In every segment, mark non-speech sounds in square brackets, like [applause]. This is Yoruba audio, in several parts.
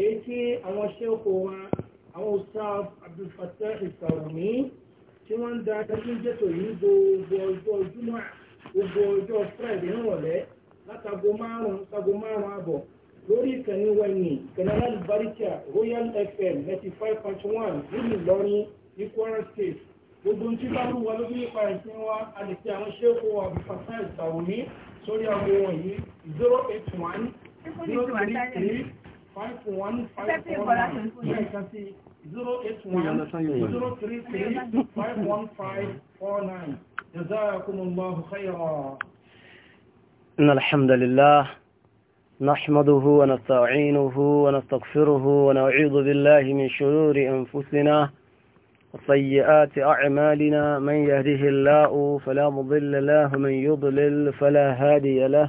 èyí tí àwọn ṣẹ́kọ̀ wa àwọn Ustaz Abdul Fattah Al-Sarumi tí wọ́n ń da ẹgbẹ́jẹ́tò yìí gbogbo ọjọ́ júmọ́ gbogbo ọjọ́ friday nírọ̀lẹ́ látago márùn-ún látago márùn-ún àbọ̀ lórí ìkànnì wẹ̀nyí ìkànnì alábàríkà Royal FM ninety five point one nílùú Ìlọrin ní Kwara State gbogbo tí bá wù wá lórí nípa ẹ̀sìn wa a lè fi àwọn ṣẹ́kọ̀ wa Abdul Fattah Al-Sarumi sórí àwọn wọ̀nyí zero eight one zero three three. جزاكم الله خيرا إن الحمد لله نحمده ونستعينه ونستغفره ونعوذ بالله من شرور أنفسنا وسيئات أعمالنا من يهده الله فلا مضل له من يضلل فلا هادي له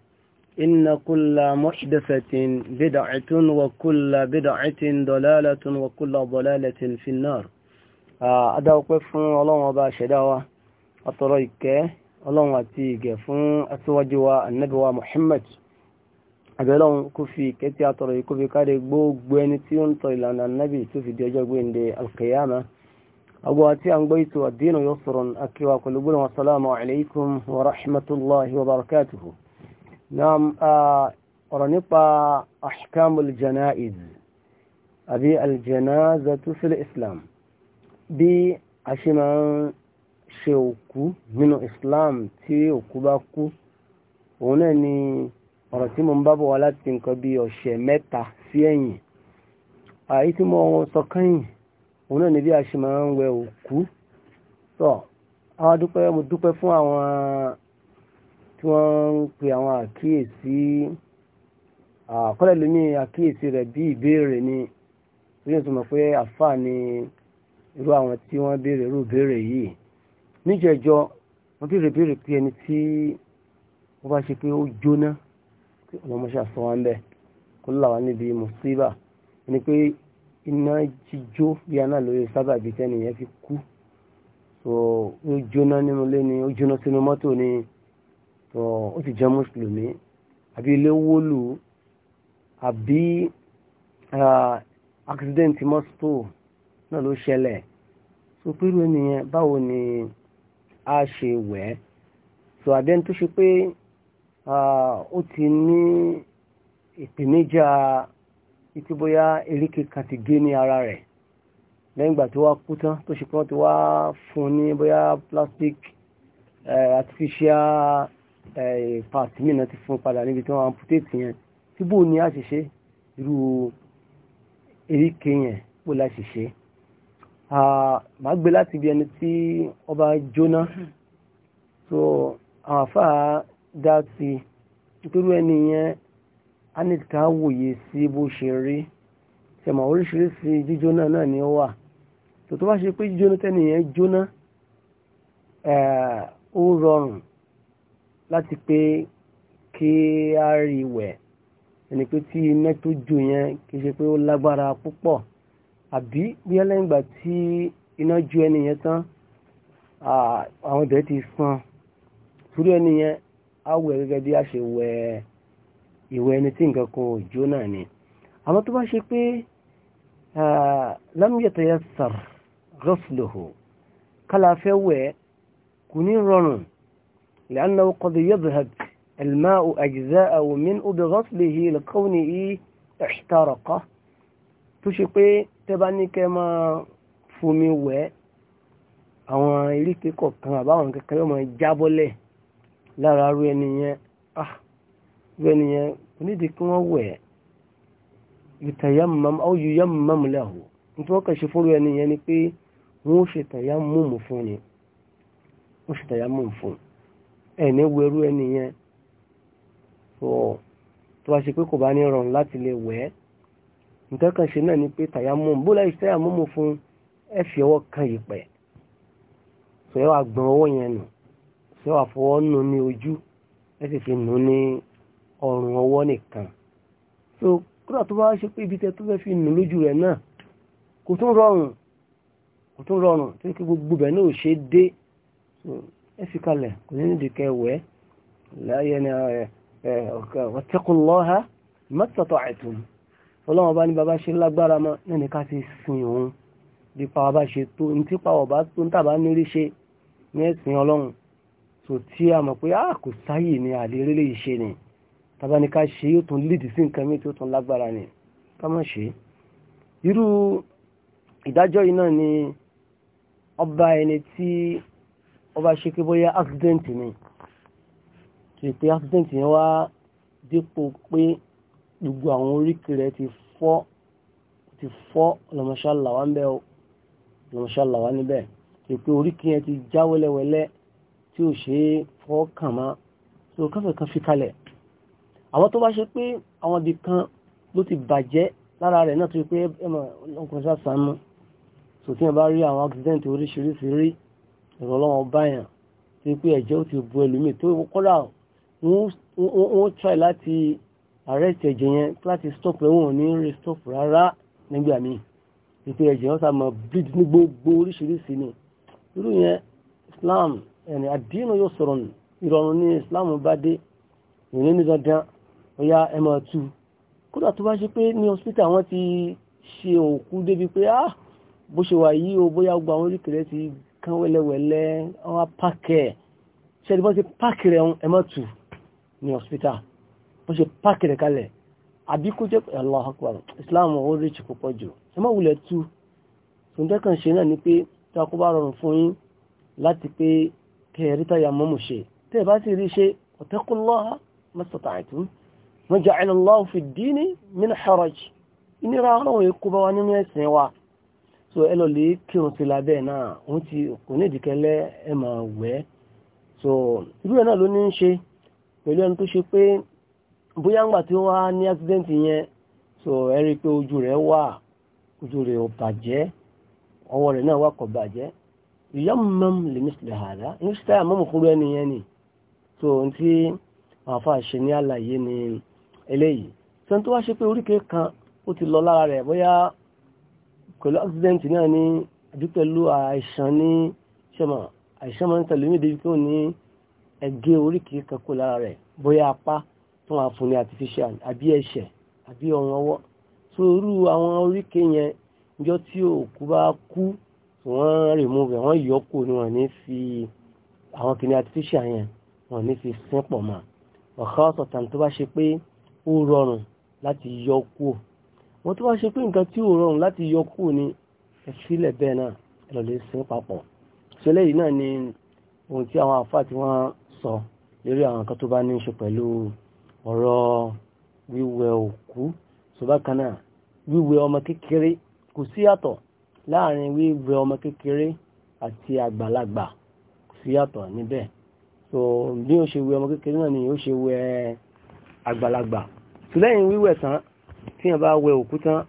إن كل محدثة بدعة وكل بدعة ضلالة وكل ضلالة في النار أدعوك فون الله وبا شداوة أطريك الله واتيك فن أتواجوا النبوة محمد أبلون كفي كتي أطريك كفي كاري بوك بوينتي انطري لأن النبي تفي ديجا بوين دي القيامة أبو أتي أنبيت الدين يسر أكي وكل السلام عليكم ورحمة الله وبركاته naam ah, ọ̀rọ̀ nípa ahkamul jana'iz àbí aljanazatu fil islam bí a ṣe máa ń ṣe òkú nínú islam tí òkú bá kú òun náà ni ọ̀rọ̀ tí mo ń bá bọ̀ wá láti nǹkan bí ọ̀sẹ̀ mẹ́ta sí ẹ̀yìn àyí tí mo sọ kẹ́yìn òun náà ni bí a ṣe máa ń wẹ òkú tọ́ àwọn dúpẹ́ mo dúpẹ́ fún àwọn tí wọ́n ń pe àwọn àkíyèsí àkọ́lẹ̀ lómi àkíyèsí rẹ̀ bí ìbéèrè ni lórí ètò mọ̀ pé àfà ni irú àwọn tí wọ́n béèrè irú ìbéèrè yìí níjẹ̀jọ́ wọ́n béèrè béèrè pé ẹni tí wọ́n bá ṣe pé ó jóná tí ọlọ́mọṣẹ́ àsọ wọn bẹ́ẹ̀ kó làwọn níbi mùsíbà ẹni pé iná jíjó bí aná lórí sábàbí tẹ́nìyẹn fi kú so ó jóná nínú ilé ni ó jóná sínú mọ́tò ni tó ó sì jẹ́ mùsùlùmí àbí ilé wólù àbí accident mọ́tò náà ló ṣẹlẹ̀ tó pírú ènìyàn báwo ni a ṣe wẹ̀ ẹ́ tó àdẹ́ni tó ṣe pé ó ti ní ìpèníjà títí bóyá eríkè kan ti gé ní ara rẹ̀ lẹ́yìn ìgbà tó wá kú tán tó ṣe pé wọ́n ti wá fún un ní bóyá plastic eh, artificial part mìíràn ti fún padà níbi tí wọ́n amputate yẹn tí bó ní àṣìṣe irú eríkè yẹn bó láṣìṣe máa gbé láti ibi ẹni tí ọba jóná so àwọn àfáà dá sí nítorí ẹni yẹn a ní ká wòye sí bó ṣe rí ṣẹ̀mọ̀ oríṣiríṣi jíjóná náà ni ó wà tó tó bá ṣe pé jíjóná tẹ́nìyẹn jóná ó rọrùn láti pé kí á rí wẹ̀ ẹni pé tí iná tó jó yẹn kì í ṣe pé ó lágbára púpọ̀ àbí bóyá lẹ́yìn ìgbà tí iná jó ẹni yẹn tán àwọn ìbẹ̀rẹ̀ ti fún torí ẹni yẹn á wẹ̀ gẹ́gẹ́ bí a ṣe wẹ ìwẹ̀ ẹni tí nǹkan kan jó náà ni àmọ́ tó bá ṣe pé lam yatayassar ghusluhu kálá fẹ́ wẹ̀ kò ní rọrùn لأنه قد يذهب الماء أجزاءه منه بغسله لكونه احترق تشقي تباني كما فمي وي àwọn iríkè kọ̀ọ̀kan àbáwọn kankan yóò máa jábọ́lẹ̀ lára rú ẹni yẹn ah rú ẹni yẹn onídìí kí wọ́n wẹ̀ ìtàyàmàm aw yuyammam lahu nítorí wọ́n kàn ṣe fún rú ẹni yẹn ni pé wọ́n ṣètàyàmùmù fún ni wọ́n ṣètàyàmùmù fún un ẹni wẹrú ẹni yẹn tó tó wá ṣe pé kò bá ní rọrùn láti lè wẹ̀ nǹkan ṣe náà ni pé tàyámúmù bó láì tàyámúmù fún ẹ fi ọwọ́ kan yìpẹ̀ sọ ẹ wà gbọ̀n ọwọ́ yẹn nù sọ ẹ wà fọwọ́ nù ní ojú ẹ fi nù ní ọrùn ọwọ́ nìkan so kúrò tó bá ṣe pé ibi tẹ tó fẹ́ fi nù lójú rẹ̀ náà kò tún rọrùn kò tún rọrùn tó kí gbogbo bẹ̀ náà ò ṣe dé ẹ fi kalẹ̀ kò ní nídìí kẹwẹ́ láyé ní wattaqullaha mastata'tum ọlọ́wọ́n bá ní bàbá ṣe lágbára mọ́ náà ní ká ti sin òun bí pàwọ́ bá ṣe tó ní tí pàwọ́ bá tó ń tàbá nírí ṣe ní ẹ̀sìn ọlọ́run tó tí a mọ̀ pé a kò sáyè ní àlérélé ìṣe ni tàbá ní ká ṣe yóò tún lídì sí nǹkan mi tó tún lágbára ni ká mọ̀ ṣe irú ìdájọ́ yìí náà ni ọba ẹni tí wọ́n bá ṣe pé bóyá accident ni ṣe pé accident yẹn wá dípò pé gbogbo àwọn oríkì rẹ̀ ti fọ́ ti fọ́ lọ́mọṣáláwá ń bẹ́ o lọ́mọṣáláwá níbẹ̀ ṣe pé oríkì yẹn ti já wẹ́lẹ́wẹ́lẹ́ tí ò ṣe é fọ́ kàn má so káfẹ́ kan fi kalẹ̀ àwọn tó bá ṣe pé àwọn ibì kan ló ti bàjẹ́ lára rẹ̀ náà tó pé ẹ̀mọ̀ ọkùnrin sá sànú so bá rí àwọn accident oríṣiríṣi rí ẹ̀rọ ọlọ́wọ́n báyàn tí pé ẹ̀jẹ̀ ó ti bu ẹlòmíì tó kọ́dà wọ́n try láti arrest ẹ̀jẹ̀ yẹn láti stop rẹ̀ wọ́n ní rí stop rárá nígbà míì ìpè ẹ̀jẹ̀ wọ́n sáà mọ̀ bleed ní gbogbo oríṣiríṣi ni irú yẹn Islam ẹ̀nì àdínà yóò sọ̀rọ̀ ìrọ̀rùn ní Islam bá dé ìrìn ní dandan ọ̀yà ẹ̀ tu kódà tó bá ṣe pé ní hospital wọ́n ti ṣe òkú débi pé ah bó ṣe wà yí o bóyá gbogbo àwọn oríkèrè ti kan wẹ́lẹ́wẹ́lẹ́ wọ́n wá páàkì ẹ̀ ṣe ẹni bọ́n ṣe páàkì rẹ̀ ẹ má tù ní hospital bọ́n ṣe páàkì rẹ̀ kalẹ̀ àbí kó jẹ́ Allahu Akbar Islam ó rí ìṣe púpọ̀ jù ẹ má wulẹ̀ tu tòǹtẹ́ kan ṣe náà ni pé tí a kó bá rọrùn fún yín láti pé kẹ ẹ ríta yàmọ́ mọ̀ ṣe tẹ́ ẹ bá sì rí ṣe ọ̀tẹ́kùnlọ́ha mastata'tum so ẹ lọ lè kírun sí lábẹ́ náà òun ti kò ní ìdíkẹ́lẹ́ ẹ máa wẹ̀ so irú ẹ̀ náà ló ní í ṣe pẹ̀lú ẹni tó ṣe pé bóyá ńgbà tí ó wá ní accident yẹn so ẹ rí i pé ojú rẹ̀ wà ojú rẹ̀ ò bàjẹ́ ọwọ́ rẹ̀ náà wà kò bàjẹ́ ìyá mọ́m lè ní àdá ní sílẹ̀ àmọ́mù fúnrú ẹni yẹn ni so ohun tí àfa ṣe ní àlàyé ni eléyìí sẹ́ni tó wá ṣe pé oríkèé kan ó ti lọ lára rẹ̀ bóyá pẹ̀lú accident náà ní àbí pẹ̀lú àìsàn ni ṣẹ́mọ̀ àìsàn máa ń tẹ̀lé ní débi pé ó ní ẹ̀gẹ́ kankan lára rẹ̀ bóyá apá tó máa fún ní artificial àbí ẹ̀ṣẹ̀ àbí ọ̀rùn ọwọ́ tó rú àwọn oríkèé yẹn níjọ́ tí òkú bá kú wọ́n remove wọ́n yọ ni wọ́n ní fi àwọn kìnìún artificial yẹn wọ́n ní fi sín pọ̀ mọ́ ọ̀ká ọ̀sọ̀tàn tó bá ṣe pé ó rọrùn láti yọ wọ́n tó wá ṣe pé nǹkan tí ò rọrùn láti yọ kú ni ẹ̀sílẹ̀ bẹ́ẹ̀ náà ẹlọ́lẹ̀ sin papọ̀ ṣẹlẹ̀ yìí náà ni ohun tí àwọn àfáà tí wọ́n sọ lórí àwọn nǹkan tó bá ní ṣe pẹ̀lú ọ̀rọ̀ wíwẹ òkú ṣùgbọ́n wíwẹ ọmọ kékeré kò sí yàtọ̀ láàrin wíwẹ ọmọ kékeré àti àgbàlagbà kò sí yàtọ̀ níbẹ̀ so bí ó ṣe wẹ ọmọ kékeré náà ni ó ṣe wẹ àgbàlagbà ṣùlẹ́yìn wíwẹ̀ tán tí yẹn bá wẹ òkú tán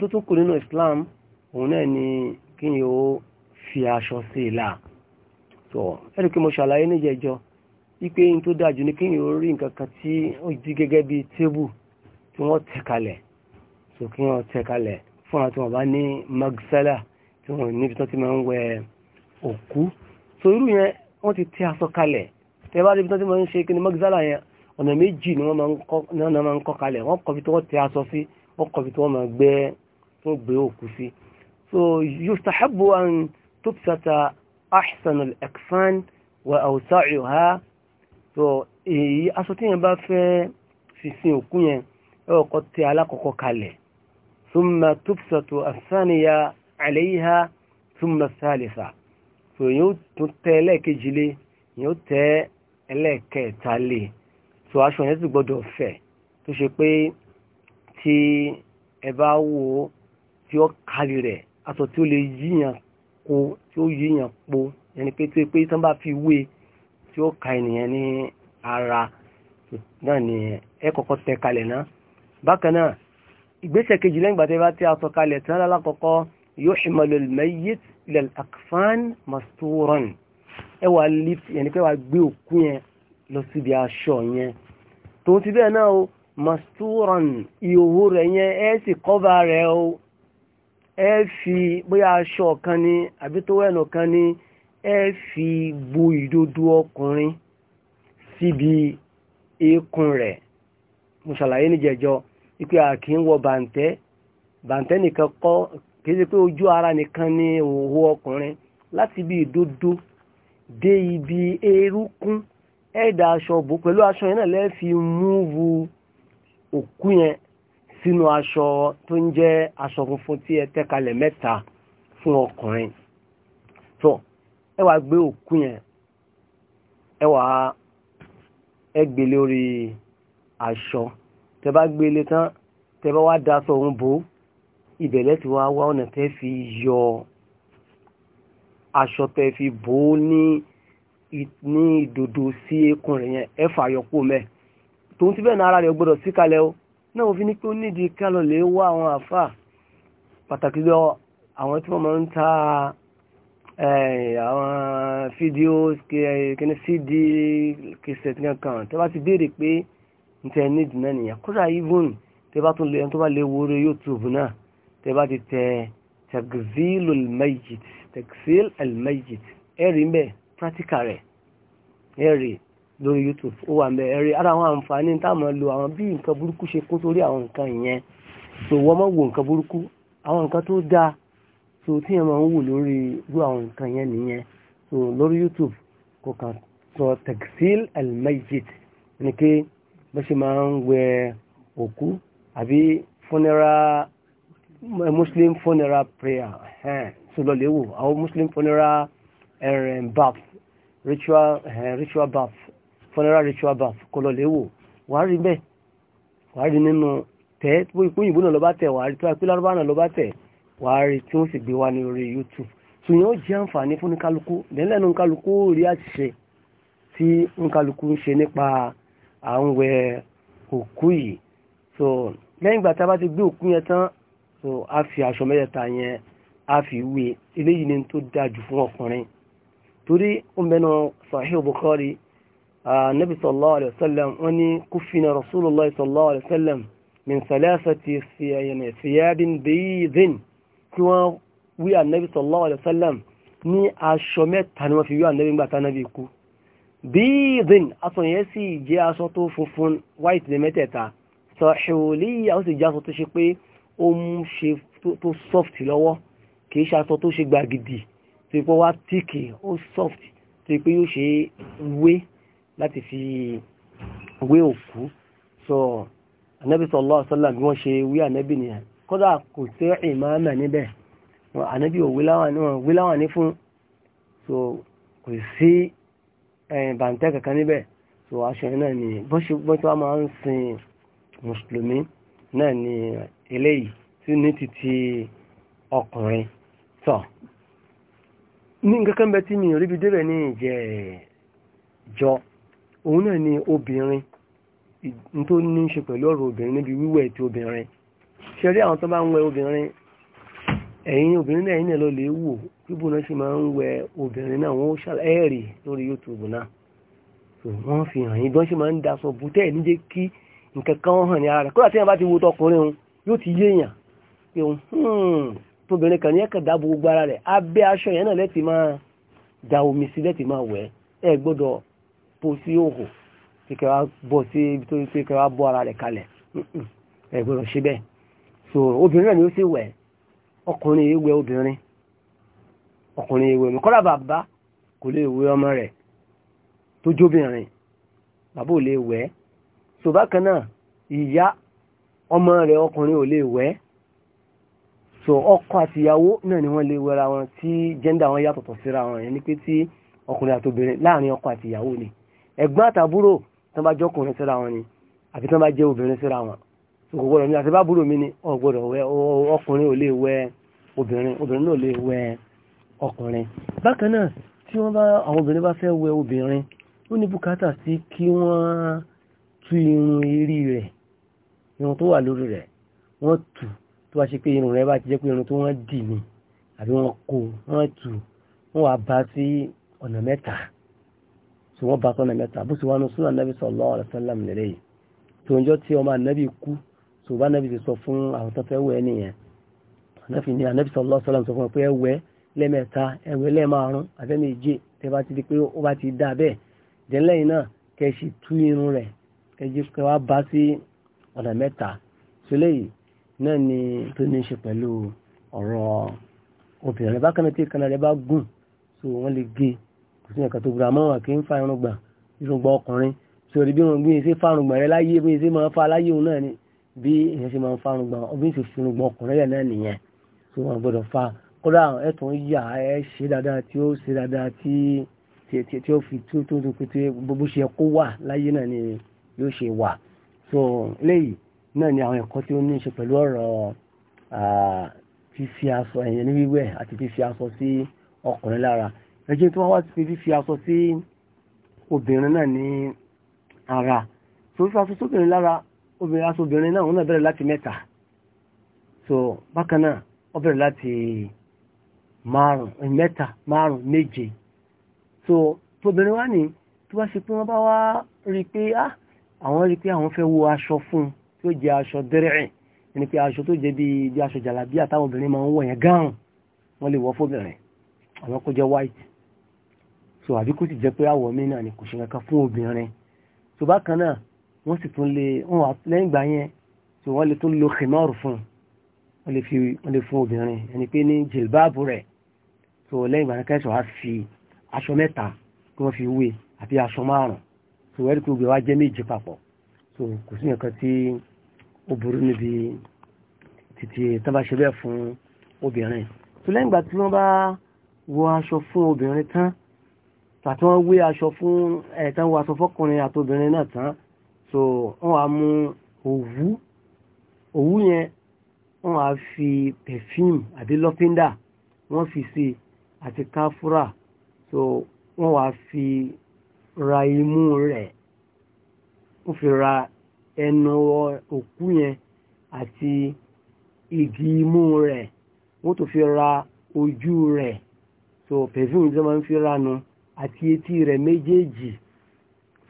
tó tún kù nínú Islam òun náà ni kí yẹn ó fi aṣọ sí i láà tó ẹ̀rí pé mo ṣàlàyé níjẹ̀jọ́ wípé ní tó dájú ni kí yẹn ó rí nǹkan kan tí ó di gẹ́gẹ́ bíi tébù tí wọ́n tẹ̀ kalẹ̀ tó kí wọ́n tẹ̀ kalẹ̀ fún àwọn tí wọ́n bá ní magsala tí wọ́n níbi tó ti máa ń wẹ òkú so irú yẹn wọ́n ti tẹ̀ aṣọ kalẹ̀ tẹ́ bá débi tó ti máa ń ṣe kí ni magsala yẹn ọ̀nà méjì ni wọ́n máa ń kọ́ kalẹ̀ wọ́n kọ́ bí tí wọ́n tẹ aṣọ sí wọ́n kọ́ bí tí wọ́n máa gbẹ́ tó gbé òkú sí so yustahabu an tubsata ahsanul akfan wa awsa'uha so èyí aṣọ tí yẹn bá fẹ́ fi òkú yẹn ẹ kọ́ tẹ alákọ̀ọ́kọ́ kalẹ̀ thumma tubsatu athaniya alayha thumma thalitha so yóò tún tẹ ẹlẹ́ẹ̀kejì lé yóò tẹ ẹlẹ́ẹ̀kẹta lé so aṣọ yẹn sì gbọ́dọ̀ fẹ̀ tó ṣe pé tí ẹ bá wo tí ó kárí rẹ̀ aṣọ tí ó lè yíyàn ko tí ó yíyàn po ẹni pé tó pé tán fi wé tí ó ka ènìyàn ní ara náà ni ẹ kọ́kọ́ tẹ kalẹ̀ náà bákan náà ìgbésẹ̀ kejì lẹ́yìn ìgbà tí ẹ bá tẹ aṣọ kalẹ̀ tán lálákọ̀ọ́kọ́ yóò al-mayyit ila al-akfan masturan ẹ wà lift yẹn ni pé wà gbé òkú yẹn lọ síbi aṣọ yẹn tó ti bẹ́ẹ̀ náà o masturan ìhòhò rẹ̀ yẹn ẹ sì kọ́va rẹ̀ o ẹ fi bóyá aṣọ kan ni àbí tó wẹ̀nù kan ni ẹ fi bo ìdodo ọkùnrin síbi eékún rẹ̀ mo ṣàlàyé níjẹ̀jọ́ ipe àkì ń wọ bàǹtẹ́ bàǹtẹ́ nìkan kọ́ kìí ṣe pé ojú ara nìkan ni òhò ọkùnrin láti ibi ìdodo dé ibi eérúkún ẹ̀dà aṣọ bò pẹ̀lú aṣọ yẹn náà lẹ́ẹ̀fi múvu òkú yẹn sínú aṣọ tó ń jẹ́ aṣọ funfun tí ẹ tẹ́ kalẹ̀ mẹ́ta fún ọkùnrin tó ẹ wàá gbé òkú yẹn ẹ wàá ẹ gbé lórí aṣọ tẹ bá gbé lé tán tẹ bá wá daṣọ òun bò ìbẹ̀lẹ̀ tí wàá wá ọ̀nà tẹ́ fi yọ aṣọ tẹ́ fi bò ó ní ní ìdòdò sí eékún rẹ̀ yẹn ẹ fààyọ̀ kó mẹ́ tòun ti bẹ́ẹ̀ náà ara rẹ̀ gbọ́dọ̀ sí kalẹ̀ o náà wọ́n fi ní pé ó nídìí kálọ̀ lè wá àwọn àfà pàtàkì lọ àwọn tí wọ́n máa ń ta eh, àwọn fídíò kíní cd kìsẹ̀t kankan tó bá ti béèrè pé n tẹ nídìí náà nìyẹn kódà even tẹ bá tún lè tó bá lè wo orí youtube náà tẹ bá ti tẹ tẹgzil almayit tẹgzil almayit ẹ̀rí mbẹ́ẹ̀ practical rẹ̀ ẹ̀rì lórí youtube ó wà mẹ́ ẹ̀rì ara àwọn àǹfààní táwọn lo àwọn bí nǹkan burúkú ṣe kún sórí àwọn nǹkan ìyẹn tó wọ́n mọ́ wo nǹkan burúkú àwọn nǹkan tó dáa tó tí yẹn máa ń wò lórí irú àwọn nǹkan yẹn nìyẹn tó lórí youtube kò kàn sọ textile elmejit ní pé bó ṣe máa ń wẹ òkú àbí funeral muslim funeral prayer ṣùlọ lè wò àwọn muslim funeral ẹ̀rẹ̀ eh, bath ritual uh, ritual bath funeral ritual bath kò lọ léwò wàá rí bẹ́ẹ̀ wàá rí nínú tẹ́ ìpínyìnbó náà lọ bá tẹ̀ wàá rí tó wá lárúbá náà lọ bá tẹ̀ wàá rí tí wọ́n sì gbé wá ní orí youtube tò yẹn ó jẹ́ àǹfààní fún kálukú lẹ́lẹ́nu kálukú rí àṣìṣe tí kálukú ń ṣe nípa à ń wẹ òkú yìí so lẹ́yìn ìgbà tá a bá ti gbé òkú yẹn tán so a fi aṣọ mẹ́tẹ̀ẹ̀ta yẹn a fi wé eléyìí ni tó dáa jù fún ọkùnrin torí ó mẹ́nu sahih bukhari nabi sallallahu alayhi wa sallam wọ́n ní kúfin rasulullah sallallahu alayhi wa sallam min salasati siyabin bayidin kí wọ́n wí ànábi sallallahu alayhi wa sallam ní aṣọ mẹ́ta ni wọ́n fi wí ànábi gbàtà nábi kú bíìdìn aṣọ yẹn sì jẹ́ aṣọ tó funfun white ní mẹ́tẹ̀ẹ̀ta sọ̀ṣẹ̀wòlíyà ó sì jẹ́ aṣọ tó ṣe pé ó mú ṣe tó soft lọ́wọ́ kìí ṣe aṣọ tó ṣe gbàgìdì tí pé wá tíkì ó soft tí pé yóò ṣe wé láti fi wé òkú so anabi sallallahu alaihi wasallam bí wọ́n ṣe wí anabi nìyẹn kódà kò sí ìmáàmà níbẹ̀ anabi ò wí láwọn ní fún so kò sí bàǹtẹ́ kankan níbẹ̀ so aṣọ yẹn náà ni bó ṣe wá máa ń sin mùsùlùmí náà ni eléyìí tí ní títí ọkùnrin tọ́. So, ní nǹkankan bẹ tí mi ò ríbi débẹ̀ ní ìjẹ́ jọ òun náà ni obìnrin tó ní ṣe pẹ̀lú ọ̀rọ̀ obìnrin níbi wíwẹ̀ ti obìnrin ṣe rí àwọn tó bá ń wẹ obìnrin ẹ̀yin obìnrin náà ẹ̀yin lọ lè wò bíbù náà ṣe máa ń wẹ obìnrin náà wọ́n ṣàlẹ́ẹ̀rì lórí YouTube náà so wọ́n fi hàn yín bí wọ́n ṣe máa ń daṣọ bùtẹ́ níjẹ́ kí nǹkan kan hàn ní ara rẹ̀ tóbìnrin kan ní ẹ̀kàn dáàbò gbogbo ara rẹ̀ abẹ́ aṣọ yẹn náà lẹ́tì máa da omi sí lẹ́tì máa wẹ̀ ẹ gbọ́dọ̀ po sí òhò kíkẹ́ wa bọ́ sí ibi tó ṣe kíkẹ́ wa bọ́ ara rẹ̀ kalẹ̀ ẹ gbọ́dọ̀ ṣe bẹ́ẹ̀ so obìnrin náà ni ó sì wẹ̀ ọkùnrin yìí wẹ̀ obìnrin ọkùnrin yìí wẹ̀ mi kọ́ra bàbá kò lè wẹ̀ ọmọ rẹ̀ tó jóbìnrin bàbá ò lè wẹ̀ so bákan náà ìyá ọmọ rẹ̀ ọkùnrin ò lè wẹ̀ so ọkọ àti ìyàwó náà ni wọ́n lè wẹra wọn tí jẹ́ndà wọn yàtọ̀tọ̀ síra wọn ni pé tí ọkùnrin àti láàrin ọkọ àti ìyàwó ni ẹ̀gbọ́n àtàbúrò tán bá jọkùnrin síra wọn ni àfi tán bá jẹ́ obìnrin síra wọn so kò àti bá mi ni ọ gbọdọ̀ wẹ ọkùnrin ò lè wẹ obìnrin obìnrin náà lè wẹ ọkùnrin bákan náà tí wọ́n bá àwọn obìnrin bá fẹ́ wẹ obìnrin ó ní tó bá ṣe pé irun rẹ bá ti jẹ́ pé irun tó wọ́n dì ní àbí wọ́n kó wọ́n tù wọ́n wà bá sí ọ̀nà mẹ́ta tí wọ́n bá sọ́nà mẹ́ta bó sì wá nu súnà nàbí sallallahu alaihi wasallam lẹ́lẹ́ yìí tó ń jọ tí ọmọ ànábì kú tó bá nàbì ti sọ fún àwọn tó fẹ́ wẹ̀ nìyẹn ànábì ní ànábì sallallahu alaihi wasallam sọ fún ẹ pé ẹwẹ́ lẹ́mẹ̀ta ẹwẹ́ lẹ́ẹ̀márùn àfẹ́mẹ́je tẹ bá ti di pé ó bá ti dá bẹ́ẹ̀ dẹ́lẹ́yìn náà kẹ́ ṣì tú irun rẹ̀ kẹ́ wá bá sí ọ̀nà mẹ́ta tó léyìí náà ni tó ní ṣe pẹ̀lú ọ̀rọ̀ obìnrin rẹ̀ bákan náà tí ìkànnà rẹ̀ bá gùn so wọ́n lè gé kò sí ẹ̀ka tó gbà mọ́ àkè ń fa irungba irungba ọkùnrin so rí bí wọn gbé ṣe fárungba rẹ láyé bí ṣe máa fa láyé òun náà ni bí ìyẹn ṣe máa ń fárungba obìnrin ṣe fìrungba ọkùnrin rẹ̀ náà nìyẹn so wọn gbọdọ̀ fa kódà ẹ̀tàn yà ẹ̀ ṣe dáadáa tí ó ṣe dáadáa tí tí ó fi tó tó tó pété gbogbo ṣe kó wà láyé náà ni yóò ṣe wà so léyìí náà ni àwọn ẹ̀kọ́ tí ó ní ṣe pẹ̀lú ọ̀rọ̀ fífi aṣọ ẹ̀yẹn ní wíwẹ̀ àti fífi aṣọ sí ọkùnrin lára ẹjẹ́ tí wọ́n wá ti fífi aṣọ sí obìnrin náà ní ara tó fífi aṣọ sóbìnrin lára obìnrin aṣọ obìnrin náà òun náà bẹ̀rẹ̀ láti mẹ́ta so bákan náà ó bẹ̀rẹ̀ láti márùn mẹ́ta márùn méje so tóbìnrin wá ní tó bá ṣe pé wọ́n bá wá rí i pé ah, àwọn rí i pé àwọn fẹ́ wo aṣọ fún un tí ó jẹ aṣọ dẹ́rẹ́ẹ̀ ẹni pé aṣọ tó jẹ bíi bí aṣọ jàlábí àtàwọn obìnrin máa ń wọ̀ gáàrùn wọ́n lè wọ́ fóbìnrin àwọn kó jẹ́ white so àbí kó sì jẹ́ pé àwọ̀ mi náà ni kò ṣe kankan fún obìnrin so bákan náà wọ́n sì tún lè wọ́n wà lẹ́yìn ìgbà yẹn so wọ́n lè tún lo khimar fún wọ́n lè fi wọ́n lè fún obìnrin ẹni pé ní jìlbáàbù rẹ̀ so lẹ́yìn ìgbà yẹn kẹ́sọ̀ á fi aṣọ mẹ́ta kí wọ́n fi wé àbí aṣọ márùn-ún so wẹ́rí pé obìnrin wa jẹ́ méje papọ̀ so kò sí nǹkan tí ó burú níbi títí tán bá ṣe bẹ́ẹ̀ fún obìnrin tó lẹ́yìn ìgbà tí wọ́n bá wọ aṣọ fún obìnrin tán tàbí wọ́n wé aṣọ fún ẹ̀ẹ̀tàn wọ aṣọ fọ́kùnrin àtobìnrin náà tán so wọ́n wá mú òwú òwú yẹn wọ́n wá fi perfume àbí lọ́fíńdà wọ́n fi sí àti káfúrà so wọ́n wá fi ra imú rẹ̀ wọ́n fi ra ẹnu òkú yẹn àti igi imú rẹ̀ wọ́n tó fi ra ojú rẹ̀ so perfume tí wọ́n máa ń fi ránu àti etí rẹ̀ méjèèjì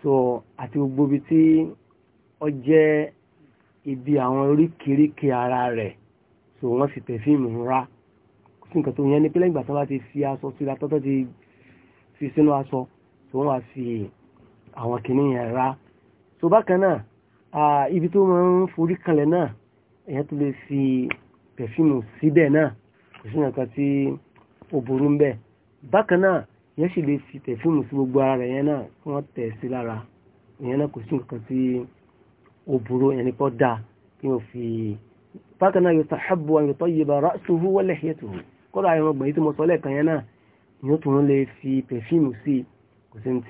so àti gbogbo ibi tí ó jẹ́ ibi àwọn oríkèéríkè ara rẹ̀ so wọ́n fi perfume ra kó sí nǹkan tó yẹn ní pé lẹ́yìn ìgbà tí wọ́n bá ti fi aṣọ síra tọ́tọ́ ti fi sínú aṣọ tí wọ́n wá fi àwọn kìnìyàn ra so bákan náà ibi tó máa ń forí kalẹ̀ náà èèyàn tó lè fi pẹ̀fíìmù síbẹ̀ náà kò sí nǹkan tí ó burú ń bẹ̀ bákan náà èèyàn sì lè fi pẹ̀fíìmù sí gbogbo ara rẹ̀ yẹn náà kí wọ́n tẹ̀ sí lára èèyàn náà kò sí nǹkan tí ó burú èèyàn ní kọ́ kí wọ́n fi bákan náà yustahabbu an yutayyiba àwọn ọgbọ̀n yìí tó mọ sọ lẹ́ẹ̀kan tó ń lè fi pẹ̀fíìmù sí kò sí ní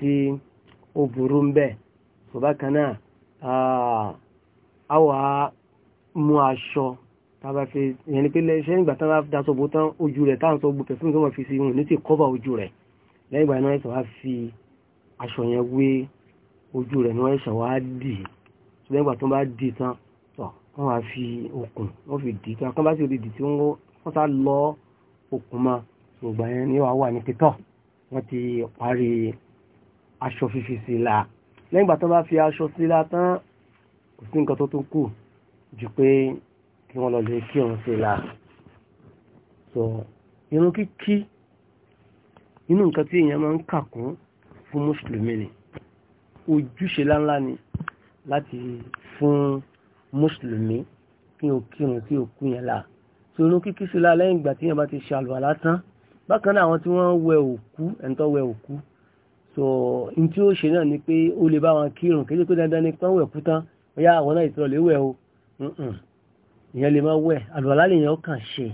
àwà ah, mú aṣọ tàbá fi ìyẹn ni pé lẹ́ṣẹ́ nígbà tán bá daṣọ bó tán ojú rẹ̀ táwọn sọ gbogbo pẹ̀fún tó wọ́n fi sí wọn ní ti kọ́bà ojú rẹ̀ lẹ́yìn ìgbà náà ẹ̀sẹ̀ wá fi aṣọ yẹn wé ojú rẹ̀ ní wọ́n ẹ̀sẹ̀ wá dì ṣùgbọ́n ìgbà tó bá dì tán tọ̀ wọ́n wá fi okùn wọ́n fi dì tán kán sì dì tí wọ́n sá lọ okùn mọ́ ṣùgbọ́n yẹn ni wàá wà ní pẹ́tọ́ wọ́n ti parí aṣọ fífi sí la lẹ́yìn ìgbà tó bá fi aṣọ sí látán kò sí nǹkan tó tún kù ju pé kí wọ́n lọ lè kí òun sí la so irun kíkí inú nǹkan tí èèyàn máa ń kàkún fún mùsùlùmí ni ojúṣe láńlá ni láti fún mùsùlùmí kí o kírun tí o kú yẹn la so irun kíkí sí la lẹ́yìn ìgbà tí èèyàn bá ti ṣe àlùwàlá tán bákan náà àwọn tí wọ́n wẹ òkú ẹni wẹ òkú so n tí ó ṣe náà ni pé ó lè bá wọn kírun kéde pé dandan ni pọ́n wẹ̀ kú tán bóyá àwọn náà ìtọ́lẹ̀ wẹ̀ o ìyẹn lè má wẹ̀ àlùwàlá lè yẹn ó kàn ṣe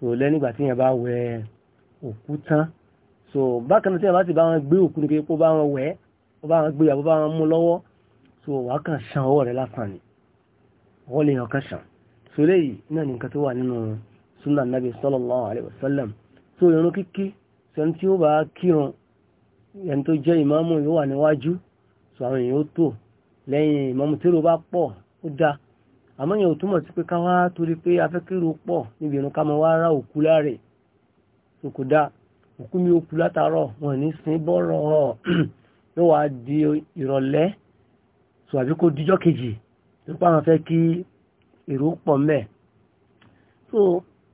so le ni tí yẹn bá wẹ̀ òkú tán so bákan náà tí yẹn ba ti bá wọn gbé òkú ni pé ba bá wọn wẹ̀ ó bá wọn gbé àbó bá wọn mú so wàá kàn ṣan ọwọ́ rẹ lásán ni ọwọ́ lè yẹn kàn ṣan so léyìí náà ni nǹkan tó wà nínú sunnah nabi sallallahu alaihi wasallam so irun kiki sẹ́ni tí ó ẹni tó jẹ́ ìmáàmù yóò wà níwájú so àwọn èèyàn ó tò lẹ́yìn ìmáàmù tí ro bá pọ̀ ó dáa àmọ́ yẹn ò túmọ̀ sí pé ká wá torí pé afẹ́kẹ́rò pọ̀ níbi ìrún ká mọ wá rá òkú láre so kò dáa òkú mi ó kú látàárọ̀ wọn ní sin bọ́rọ̀ [clears throat] yóò wá di ìrọ̀lẹ́ so àbí kó dijọ́ kejì tó pa àwọn fẹ́ kí èrò pọ̀ mẹ́ so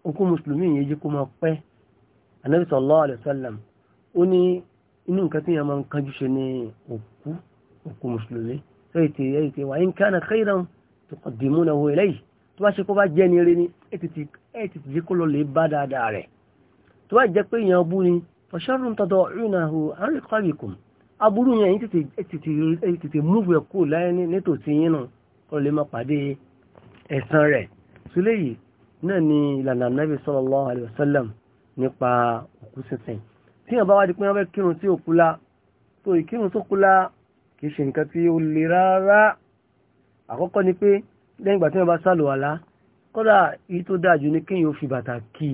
òkú mùsùlùmí yẹn jẹ́ kó máa pẹ́ anabi sallallahu alaihi wasallam ó ní inú nǹkan tí yàn máa ń kánjú ṣe ní òkú òkú mùsùlùmí ẹ̀yìtì ẹ̀yìtì wà ń kánà khayran tuqaddimunahu ilayhi tó bá ṣe kó bá jẹ́ ní eré ní ẹ̀tìtì jí kó lọ lè bá dáadáa rẹ̀ tó bá jẹ́ pé yàn bú ni fasharrun tada'unahu an riqabikum aburú yẹn ẹ̀tìtì múvù ẹ̀ kú láyé nítòsí yín náà ni nípa òkú sínsìn tí yàn bá wá di pé wọ́n fẹ́ kírun sí òkú la tó ìkírun sókú la kì í ṣe nǹkan tí ó le rárá àkọ́kọ́ ni pé lẹ́yìn ìgbà tí wọ́n bá sálò àlá kódà èyí tó dáa jù ni kéèyàn fi bàtà kí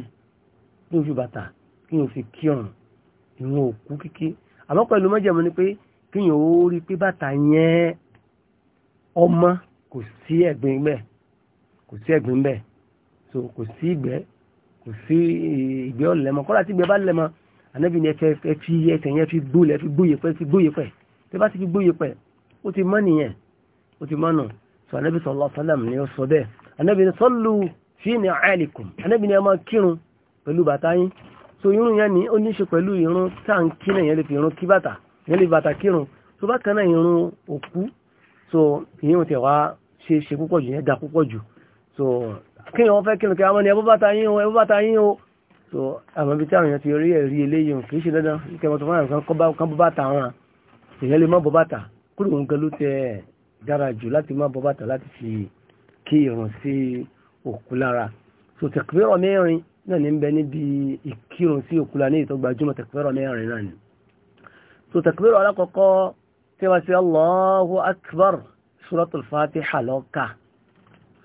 kéèyàn fi bàtà kéèyàn fi kí ọ̀run ìwọ̀n òkú kíkí àmọ́ pẹ̀lú mọ́jẹ̀mú ni pé kéèyàn ó rí pé bàtà yẹn ọmọ kò sí ẹ̀gbin bẹ́ẹ̀ kò sí ẹ̀gbin bẹ́ẹ̀ so kò sí ìgbẹ́ kò sí ìgbẹ́ ọ̀lẹ́mọ kódà tí ìgbẹ́ bá lẹ́mọ ànábì ni ẹ fi ẹsẹ̀ yẹn fi gbólẹ̀ fi gbóyè pẹ́ fi gbóyè pẹ́ tẹ bá ti fi gbóyè pẹ́ ó ti mọ́ nìyẹn ó ti mọ́ nù sọ ànábì sallallahu alaihi ni ó sọ bẹ́ẹ̀ ànábì ni sallu fi ni'alikum ànábì ni ẹ máa kírun pẹ̀lú bàtà yín so irun yẹn ni ó ní ṣe pẹ̀lú irun tá à ń kí náà yẹn lè fi irun kí bàtà yẹn lè bàtà kírun tó bá kan náà irun òkú so ìyẹn tẹ̀ wá ṣe ṣe púpọ̀ jù yẹn da púpọ̀ jù so kí ni so àmọ́ ibi tí àwọn èèyàn ti rí ẹ̀rí eléyìí kì í ṣe dandan kẹwọn tó fáwọn kan kan bọ́ bàtà wọn èèyàn lè má bọ́ bàtà kúrò òun gan ló tẹ dára jù láti má bọ́ bàtà láti fi kí ìrun sí òkú lára so tẹ̀kùfẹ́rọ̀ mẹ́rin náà ní bẹ níbi ìkírun sí òkú lára ní ìtọ́gbàjúmọ̀ tẹ̀kùfẹ́rọ̀ mẹ́rin náà ni so tẹ̀kùfẹ́rọ̀ alákọ̀ọ́kọ́ tí wọ́n ti Allahu Akbar suratul Fatiha lọ́ka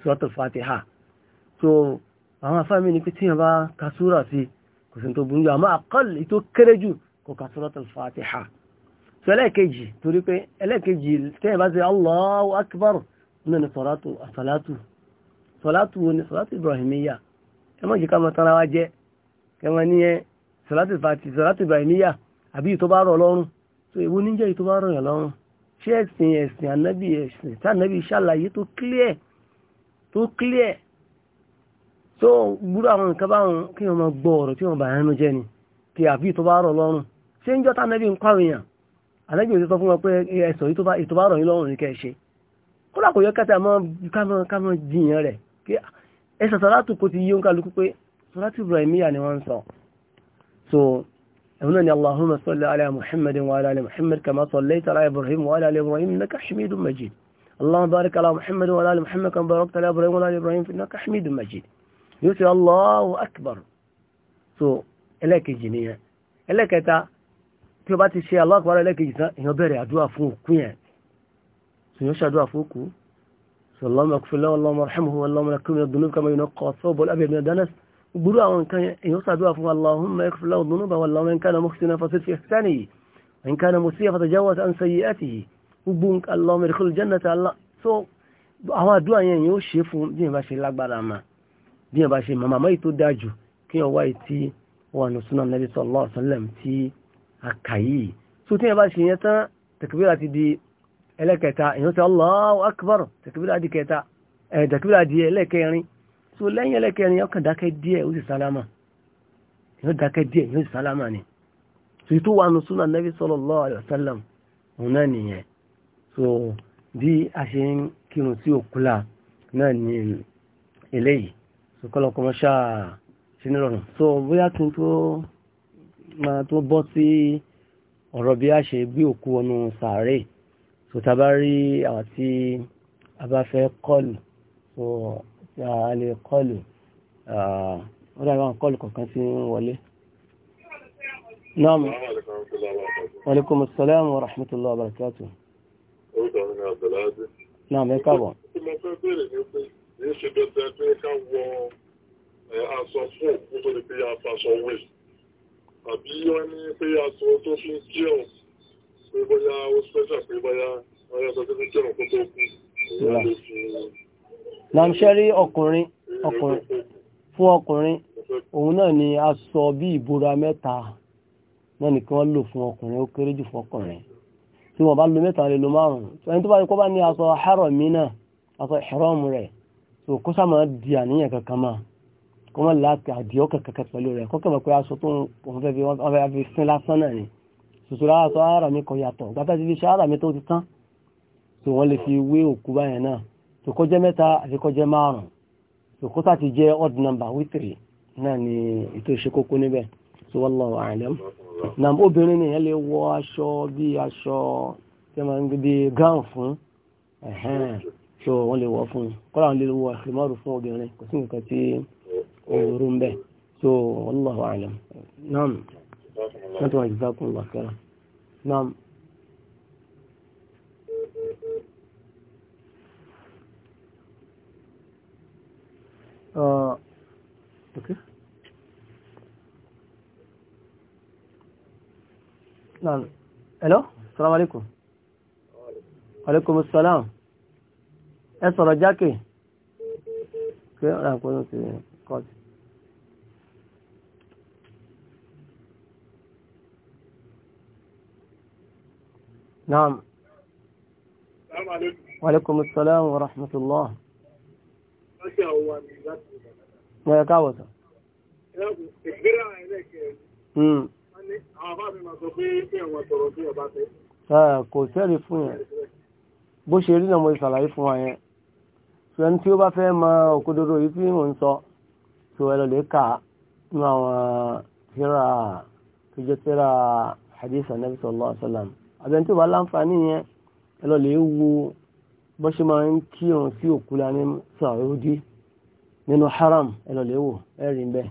Al Fatiha so àwọn afáàmì ni pé tí yàn bá kasúrà sí kò sí tó burú jù àmọ́ àkọ́l tó kéré jù kò kasúrà tó fatiha tó ẹlẹ́ẹ̀kejì torí pé ẹlẹ́ẹ̀kejì tẹ́yìn bá ti Allahu akbar náà ni sọ̀látù àsàlátù sọ̀látù wo ni sọ̀látù ibrahimiya ẹ má jẹ́ ká mọ tán ara wa jẹ́ kẹwọn ní ẹ sọ̀látù fati sọ̀látù ibrahimiya àbí ìtọ́ bá rọ̀ lọ́rùn tó ewu níjẹ́ ìtọ́ bá rọ̀ yàn lọ́rùn ṣé ẹ̀sìn ẹ̀sìn ànábì ẹ̀sìn tá ṣàlàyé tó clear tó clear so gbúrú àwọn nǹkan báwọn kí wọ́n máa gbọ́ ọ̀rọ̀ tí wọ́n bá ẹnu jẹ́ ni kí àbí tó bá rọ̀ lọ́rùn ṣé ń jọ́ta nẹ́bí ń kọ́rin yàn àlẹ́bí ò ti sọ fún wọn pé ẹ̀sọ̀ yìí tó bá rọ̀ yín lọ́rùn ní kẹ́ ẹ ṣe kódà kò yọ kẹta kámọ́ jiyàn rẹ̀ kí so ẹ̀hún náà ni allahumma salli ala muhammadin wa muhammad kama sallaita ibrahim wa ala ibrahim innaka hamidun majid allahumma barik muhammadin wa muhammad kama barakta ala ibrahim wa ala ibrahim innaka hamidun majid yóò ṣe Allahu akbar so ẹlẹ́ẹ̀kejì nìyẹn ẹlẹ́ẹ̀kẹta tí o bá ti ṣe Allahu akbar ẹlẹ́ẹ̀kejì tán èèyàn bẹ̀rẹ̀ àdúrà fún òkú yẹn so yóò ṣàdúrà fún òkú so Allahumma ighfir lahu Allahumma irhamhu Allahumma naqqih min adh-dhunubi kama yunqqa ath-thawbu al-abyadu min ad-danas gbúrú àwọn nǹkan èèyàn ṣàdúrà fún Allahumma ighfir lahu Allahumma in kana muhsinan fasid fi ihsanihi wa in kana musi'an fatajawaz an sayyi'atihi gbogbo Allahumma idkhilhu jannata Allah so àwọn àdúrà yẹn yóò ṣe fún bí yẹn bá ṣe lágbára máa bí wọ́n bá ṣe mọ̀ màmá yìí tó dáa jù kí wọ́n wá yìí tí wọ́n wà ní súnà nàbí sallallahu alaihi wasallam tí a kà yìí so tí wọ́n bá ṣe yẹn tán tẹ̀kíbíra ti di ẹlẹ́kẹta èèyàn sọ Allahu akbar tẹ̀kíbíra di kẹta ẹ̀ tẹ̀kíbíra di ẹlẹ́kẹrin so lẹ́yìn ẹlẹ́kẹrin yóò kàn dákẹ́ díẹ̀ ó sì sálámà yóò dákẹ́ díẹ̀ yóò sì sálámà ni so ètò wà ní súnà nàbí sallallahu alaihi òun náà nìyẹn kọ́lọ̀ kọ́ mọ́ṣá so bóyá kí n tó máa tó bọ́ sí ọ̀rọ̀ bí a ṣe gbé òkú ọnu sàárè so tá a bá rí àwọn tí a bá fẹ́ kọlù so a lè kọlù ó dàbí àwọn kọlù kọ̀ọ̀kan tí ń wọlé. Naam. Wa alaykum assalam wa rahmatullahi wa barakatuh. Orúkọ mi ni Abdullahi. Naam, ẹ káàbọ̀. kìí ṣe bí ọtẹ pé ká wọ eh, aṣọ fún a faṣọ àbí wọ́n ní pé aṣọ tó fi ń kírun pé bóyá ó special pé bóyá yẹ tó fi fún tó kú ìwọ́n ọkùnrin ọkùnrin fún ọkùnrin òun náà ni aṣọ bí ìbora náà nìkan fún ọkùnrin ó kéré jù fún ọkùnrin tí bá lo lè lo ẹni tó bá ní kó bá so kó sáà máa di àníyàn kankan máa kó mọ́ láti àdìọ́ kankan pẹ̀lú rẹ̀ kó kẹ́mọ̀ pé aṣọ tó ń fẹ́ fi sín lásán náà ni sòsòrò aṣọ ara mi kò yàtọ̀ gbátá ti fi ṣe ara mi tó ti tán so wọ́n lè fi wé òkú báyẹn náà so kó jẹ́ mẹ́ta àti kó jẹ́ márùn so kó sáà jẹ́ odd number wítìrì náà ni ètò ìṣe kókó níbẹ̀ so wallahu a'lam nà obìnrin nìyẹn lè wọ aṣọ bí aṣọ tí so wọ́n lè wọ̀ fún un kọ́lá wọn lè wọ àṣìmọ́rù fún obìnrin kò sí nǹkan tí òru ń bẹ̀ so wallahu a'lam naam wọ́n tún wà jazakumullahu khairan naam. Uh, okay. Hello? Assalamu alaikum. Wa alaikum ¿Eso era Jackie? ¿Qué? Ah, bueno, sí, coche. نعم السلام عليكم وعليكم السلام ورحمة الله ماشي هو من ذاتك يا كاوسة يا ابو تكبير عليك امم انا عباد المصوفية وطروفية باتي ها كوسيري فوني بوشيري لما يصلا يفوني so ẹni tí ó bá fẹ́ mọ òkodoro yìí tí mò ń sọ so ẹ lọ lè kà nínú àwọn tíra tó jẹ́ tíra hadith anabi sallallahu alaihi wa sallam àbẹ̀ tí ó bá láǹfààní yẹn ẹ lọ lè wo bó ṣe máa ń kírun sí òkú la ní nínú haram ẹ lọ lè wò ẹ rí ń bẹ́ẹ̀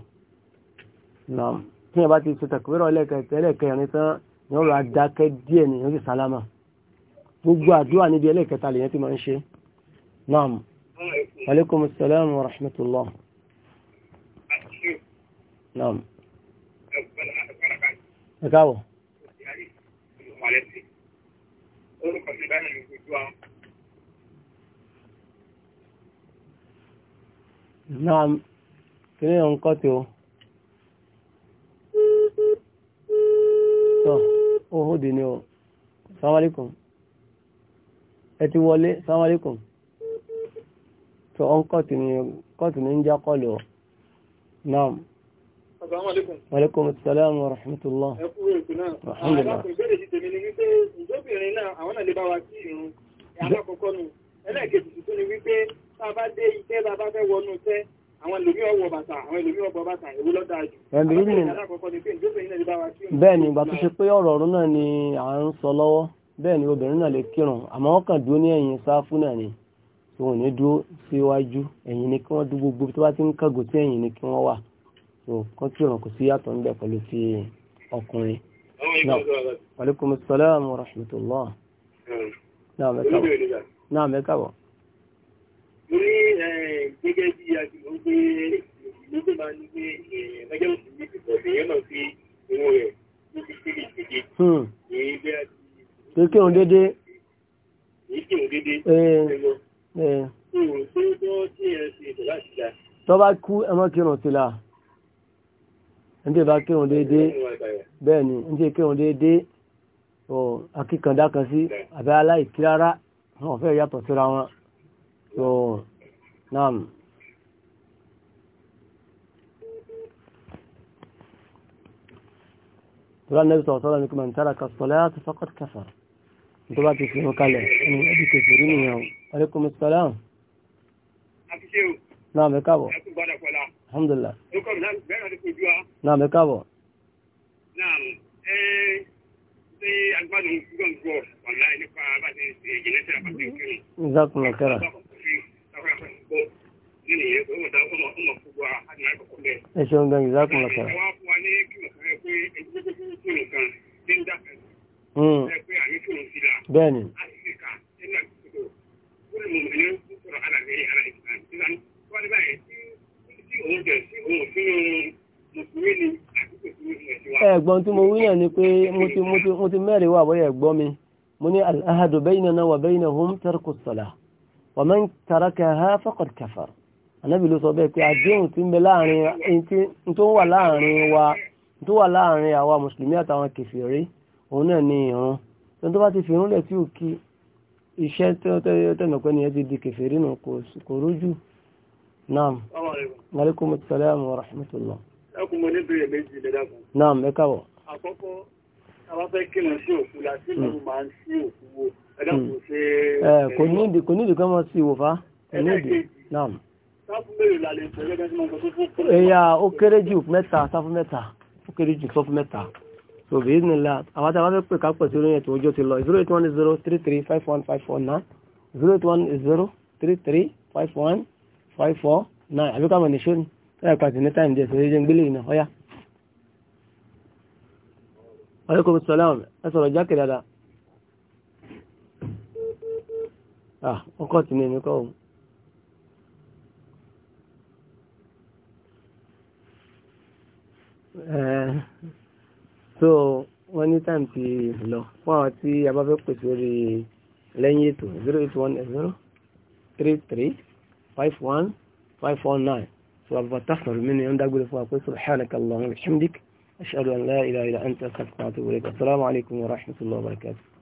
naam tí ẹ bá ti ṣe tàkùrọ̀ ẹlẹ́kẹ̀ẹ́ ẹlẹ́kẹ̀ẹ́rin tán ni ó rà dákẹ́ díẹ̀ nìyẹn ó sì sálámà gbogbo àdúrà níbi ẹlẹ́kẹta lèyẹn ti máa ń ṣe وعليكم السلام ورحمة الله نعم نكاوة نعم كنين ينقاتي وهو دينيو السلام عليكم اتوالي السلام عليكم tó ọ́n kọ́ọ̀tù ní kọ́ọ̀tù ni wípé ìjọ́bìnrin náà àwọn náà wa sí ìrún. Alákọ̀ọ́kọ́ nù. Ẹlẹ́ẹ̀kejì àwọn ìlú ọwọ́ bàtà àwọn ìlú ọgbọ̀ bàtà ìwú lọ́dá jù. bẹ́ẹ̀ ni ìgbà tó ṣe pé ọ̀rọ̀ ọ̀run náà ni à ń sọ lọ́wọ́ bẹ́ẹ̀ ni obìnrin náà lè àmọ́ ní ẹ̀yìn náà ni. tí wọ́n ní dúró síwájú ẹ̀yìn ni kí wọ́n dúró gbogbo tó bá ti ń kàgò tí ẹ̀yìn ni kí wọ́n wà tó kán tí ọ̀ràn sí yàtọ̀ ń bẹ̀ pẹ̀lú ti ọkùnrin. aleykum salaam wa rahmatulah. náà mẹ́ka bọ̀. mo ní gẹ́gẹ́ bí a ti mọ̀ pé ló ti máa ń gbé ẹ̀ẹ́dẹ́gbẹ̀rún sí ti pọ̀ sí Eh. tó bá kú ẹmọ kírun sí la ẹni tí bá kírun déédé bẹ́ẹ̀ ni ẹni tí kírun déédé ọ̀ akíkàndá kan sí àbẹ́ aláìkí rárá wọn fẹ́ yàtọ̀ síra wọn so naam. Tọ́lá nẹ́bí sọ̀rọ̀ sọ́lá ní kí mọ̀ ní tára kà sọ́lá faqad kafar. Tó bá ti fi hàn kalẹ̀, ẹni ẹbí kẹfẹ́ rí aleykum salaam. àtúnṣe o. náà mẹ́ka bọ̀. ẹkú gbọ́dọ̀ pẹ̀lá. alhamdulilah. ó kọ́ mi láti bẹ́ẹ̀ náà ti kojú wa. náà mẹ́ka bọ̀. náà ẹ ṣe agbádùn gbọ̀ngbọ̀ ọ̀la nípa bá ti hmm. bẹ́ẹ̀ni. ṣùgbọ́n tí mo wí náà ni pé mo ti mẹ́rin wà bóyá ẹ̀gbọ́n mi mo ní al-ahadu baynana wa baynahum tarku as-salah wa man tarakaha faqad kafar anábì ló sọ bẹ́ẹ̀ pé àdéhùn tí ń bẹ láàrin tó wà láàrin wa tó wà láàrin àwa mùsùlùmí àtàwọn kèfèrí òun náà ni ìrun tó tó bá ti fi lẹ̀ tí ò kí iṣẹ́ tẹ́mẹ̀kọ́ ni ẹ ti di kèfèrí nù kò rújú naam ẹkùnmọ̀ ní bèèrè méjì lẹ́dàkùn. náà mẹ́kàwọ̀. àkọ́kọ́ àwọn kìnnà sí òkú la sí ìlú hmm. máa ń sí òkú wo ẹ̀dàkùn hmm. ṣe. kò ní ìdí kò ní ìdí kan mọ́ sí ìwòfá kò ní ìdí náà. sáfù mélòó la lè sọ ẹgbẹ́ tí wọ́n sọ tó kọ́. ẹ̀yà ó kéré jù mẹ́ta sáfù mẹ́ta ó kéré jù sọ́fù mẹ́ta so bí ní la àwọn tí a bá fẹ́ pè ká pẹ̀ sí oríyìn ètò ọjọ́ ti lọ zero eight one zero three three five one five four nine zero eight one zero three three five one five four nine àbíkà mọ̀ nìṣó ni ẹ̀ pàtì ní táìmù díẹ̀ sọ̀rọ̀ jẹ́ gbélé iná ọ̀yá. aleykum salaam ẹ sọ̀rọ̀ jákè dáadáa. ah ọkọ̀ tì ní èmi kọ́ òun. Eh, so wọ́n ní táìmù ti lọ fún àwọn tí a bá fẹ́ pèsè orí lẹ́yìn ètò zero eight one zero three three five one five four nine. فتخرج مني عند أقول فأقول سبحانك اللهم وبحمدك أشهد أن لا إله إلا أنت أستغفرك وأتوب إليك السلام عليكم ورحمة الله وبركاته